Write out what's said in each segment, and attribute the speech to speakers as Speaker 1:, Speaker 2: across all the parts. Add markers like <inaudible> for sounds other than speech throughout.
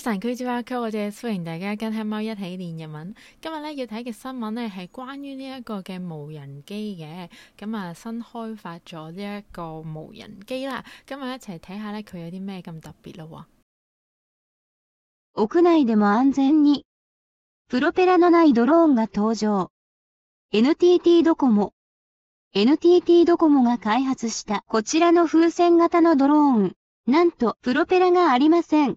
Speaker 1: 神區直播區，我哋歡迎大家跟黑貓一起練日文。今日咧要睇嘅新聞咧係關於呢一個嘅無人機嘅，咁啊新開發咗呢一個無人機啦。今日一齊睇下咧，佢有啲咩咁特別咯喎。
Speaker 2: 屋內でも安全にプロペラのないドローンが登場。NTT ドコモ、NTT ドコモが開発したこちらの風船型のドローン、なんとプロペラがありません。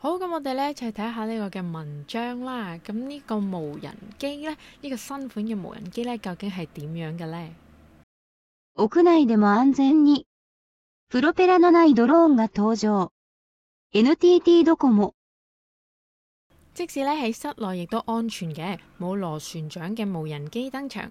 Speaker 1: 好，咁我哋咧就睇下呢看看個嘅文章啦。咁、嗯、呢、這個無人機咧，呢、這個新款嘅無人機咧，究竟係點樣嘅咧？
Speaker 2: 屋內でも安全にプロペラのないドローンが登場。NTT ドコモ。
Speaker 1: 即使咧喺室內亦都安全嘅，冇螺旋槳嘅無人機登場。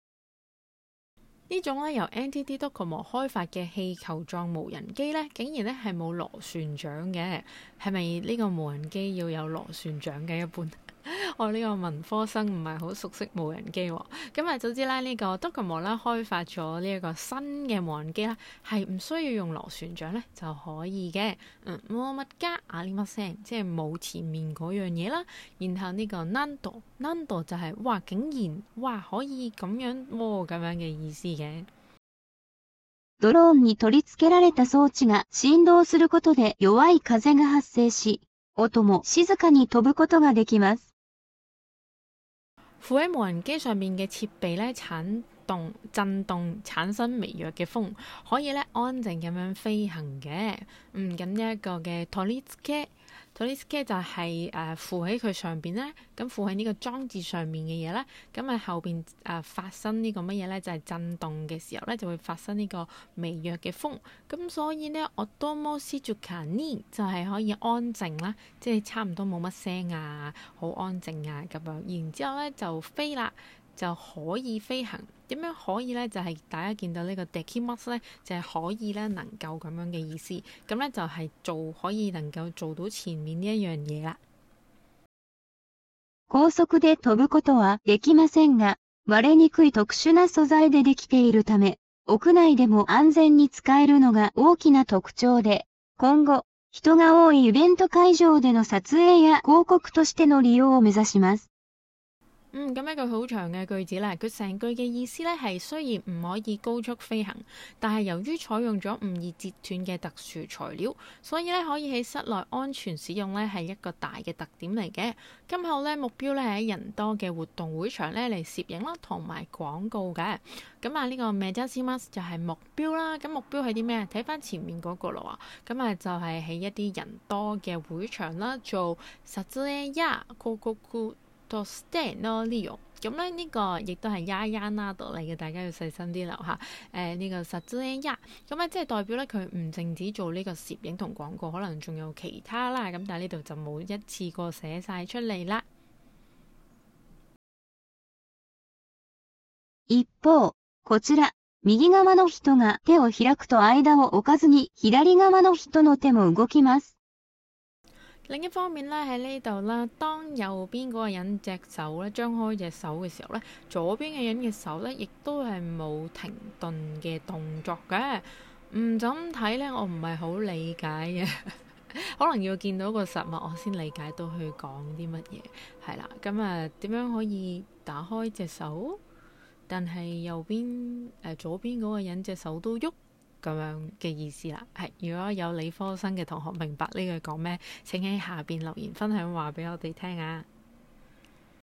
Speaker 1: 種呢種咧由 NTT Docomo 開發嘅氣球狀無人機咧，竟然咧係冇螺旋槳嘅。係咪呢個無人機要有螺旋槳嘅一半？我呢個文科生唔係好熟悉無人機喎，咁啊早知啦，呢個 docomo 啦開發咗呢一個新嘅無人機啦，係唔需要用螺旋槳咧就可以嘅。嗯，モマ加アリマ聲即係冇前面嗰樣嘢啦，然後呢個なんと、なんと就係哇竟然哇可以咁樣摸咁樣嘅意思嘅。
Speaker 2: ドローンに取り付けられた裝置が振動することで弱い風が発生し、音も靜かに飛ぶことができます。
Speaker 1: 附喺無人機上面嘅設備咧，產動震動產生微弱嘅風，可以咧安靜咁樣飛行嘅。嗯，咁一個嘅取付。Tony's 托里斯卡就係誒附喺佢上邊咧，咁附喺呢個裝置上面嘅嘢咧，咁啊後邊誒發生個呢個乜嘢咧，就係、是、震動嘅時候咧，就會發生呢個微弱嘅風，咁所以咧，我多摩斯著卡呢就係、是、可以安靜啦，即係差唔多冇乜聲啊，好安靜啊咁樣，然之後咧就飛啦。就可以飛行，點樣可以咧？就係大家見到呢個できます咧，就係可以咧，能夠咁樣嘅意思。咁咧就係做可以能夠做到前面呢一樣嘢啦。
Speaker 2: 高速で飛ぶことはできませんが、割れにくい特殊な素材でできているため、屋內でも安全に使えるのが大きな特徴で、今後人が多いイベント會場での撮影や広告としての利用を目指します。
Speaker 1: 嗯，咁一個好長嘅句子咧，佢成句嘅意思咧係雖然唔可以高速飛行，但係由於採用咗唔易折斷嘅特殊材料，所以咧可以喺室內安全使用咧係一個大嘅特點嚟嘅。今後咧目標咧喺人多嘅活動會場咧嚟攝影啦，同埋廣告嘅。咁啊，呢個目指します就係目標啦。咁目標係啲咩？睇翻前面嗰個啦喎，咁啊就係喺一啲人多嘅會場啦做。做 stand 咯呢樣，咁咧呢個亦都係啱啱啦讀嚟嘅，大家要細心啲留意吓。誒呢個 stand 一，咁咧即係代表咧佢唔淨止做呢個攝影同廣告，可能仲有其他啦。咁但係呢度就冇一次過寫晒出嚟啦。
Speaker 2: 一方、こちら右側の人が手を開くと間を置かずに左側の人の手も動きます。
Speaker 1: 另一方面咧，喺呢度啦，當右邊嗰個人隻手咧張開隻手嘅時候咧，左邊嘅人嘅手咧亦都係冇停頓嘅動作嘅。唔怎睇咧？我唔係好理解嘅， <laughs> 可能要見到個實物我先理解到佢講啲乜嘢。係啦，咁啊，點樣可以打開隻手？但係右邊誒、呃，左邊嗰個人隻手都喐。咁樣嘅意思啦，係如果有理科生嘅同學明白呢句講咩，請喺下邊留言分享話俾我哋聽啊！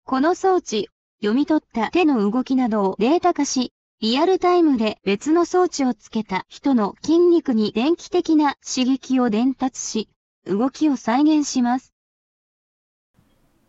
Speaker 2: この裝置読み取った手の動きなどをデータ化し、リアルタイムで別の裝置をつけた人の筋肉に電気的な刺激を伝達し、動きを再現します。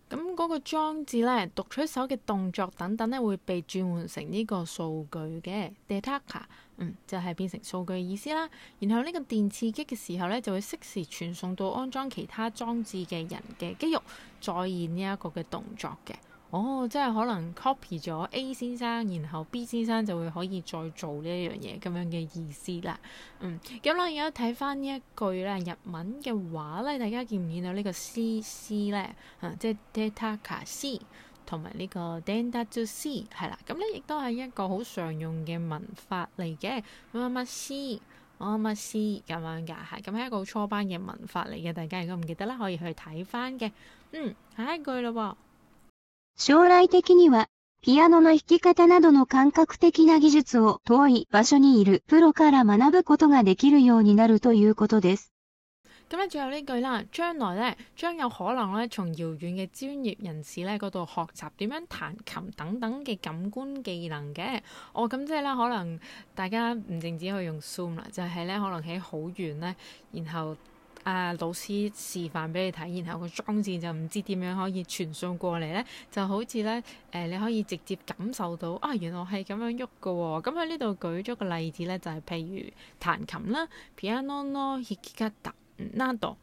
Speaker 1: 咁嗰個裝置咧，讀出手嘅動作等等咧，會被轉換成呢個數據嘅データ化。嗯，就係、是、變成數據嘅意思啦。然後呢個電刺激嘅時候咧，就會適時傳送到安裝其他裝置嘅人嘅肌肉，再現呢一個嘅動作嘅。哦，即係可能 copy 咗 A 先生，然後 B 先生就會可以再做呢一樣嘢咁樣嘅意思啦。嗯，咁、嗯、啦，而家睇返呢一句咧日文嘅話咧，大家見唔見到個 CC 呢個 C C 咧？即係 data C。同埋呢個 dentatus 係啦，咁咧亦都係一個好常用嘅文法嚟嘅。乜乜思，乜乜思咁樣噶，係咁係一個初班嘅文法嚟嘅。大家如果唔記得啦，可以去睇翻嘅。嗯，下一句咯。
Speaker 2: 將來的には，ピアノの弾き方などの感覚的な技術を遠い場所にいるプロから學ぶことができるようになるということです。
Speaker 1: 咁咧，最後呢句啦，將來咧，將有可能咧，從遙遠嘅專業人士咧嗰度學習點樣彈琴等等嘅感官技能嘅。哦，咁、嗯、即係咧，可能大家唔淨止可以用 Zoom 啦，就係、是、咧，可能喺好遠咧，然後啊老師示範俾你睇，然後個裝置就唔知點樣可以傳送過嚟咧，就好似咧誒，你可以直接感受到啊，原來係咁樣喐噶喎。咁喺呢度舉咗個例子咧，就係、是、譬如彈琴啦，piano no hikikata。nado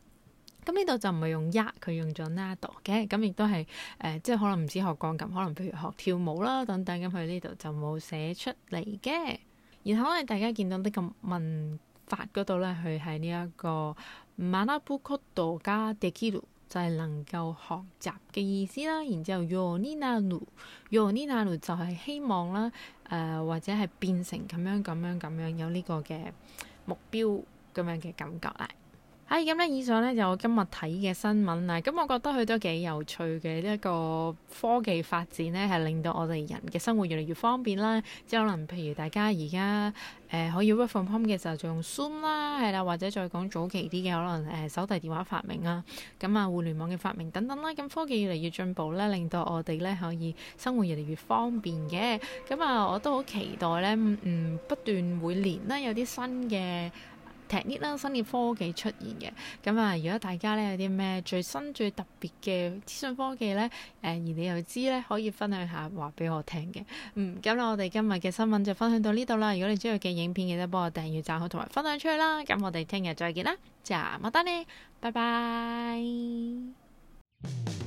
Speaker 1: 咁呢度就唔係用一，佢用咗 nado 嘅咁，亦都係誒、呃，即係可能唔止學鋼琴，可能譬如學跳舞啦等等咁。佢呢度就冇寫出嚟嘅。然後咧，大家見到呢個文法嗰度咧，佢喺呢一個馬拉布曲道加 dekiru 就係、是、能夠學習嘅意思啦。然之後，yoni naru yoni naru 就係、是、希望啦，誒、呃、或者係變成咁樣咁樣咁樣有呢個嘅目標咁樣嘅感覺啦。係咁咧，以上咧就我今日睇嘅新聞啊！咁、嗯、我覺得佢都幾有趣嘅一個科技發展咧，係令到我哋人嘅生活越嚟越方便啦。即係可能譬如大家而家誒可以 work from home 嘅時候，就用 Zoom 啦，係啦，或者再講早期啲嘅可能誒手提電話發明啦。咁啊互聯網嘅發明等等啦。咁、嗯、科技越嚟越進步咧，令到我哋咧可以生活越嚟越方便嘅。咁、嗯、啊，我都好期待咧，嗯，不斷每年咧有啲新嘅。technology 啦，新嘅科技出現嘅，咁啊，如果大家咧有啲咩最新最特別嘅資訊科技咧，誒而你又知咧，可以分享下話俾我聽嘅，嗯，咁啦，我哋今日嘅新聞就分享到呢度啦。如果你中意嘅影片，記得幫我訂閱、讚好同埋分享出去啦。咁我哋聽日再見啦，就冇得你，拜拜。 <music>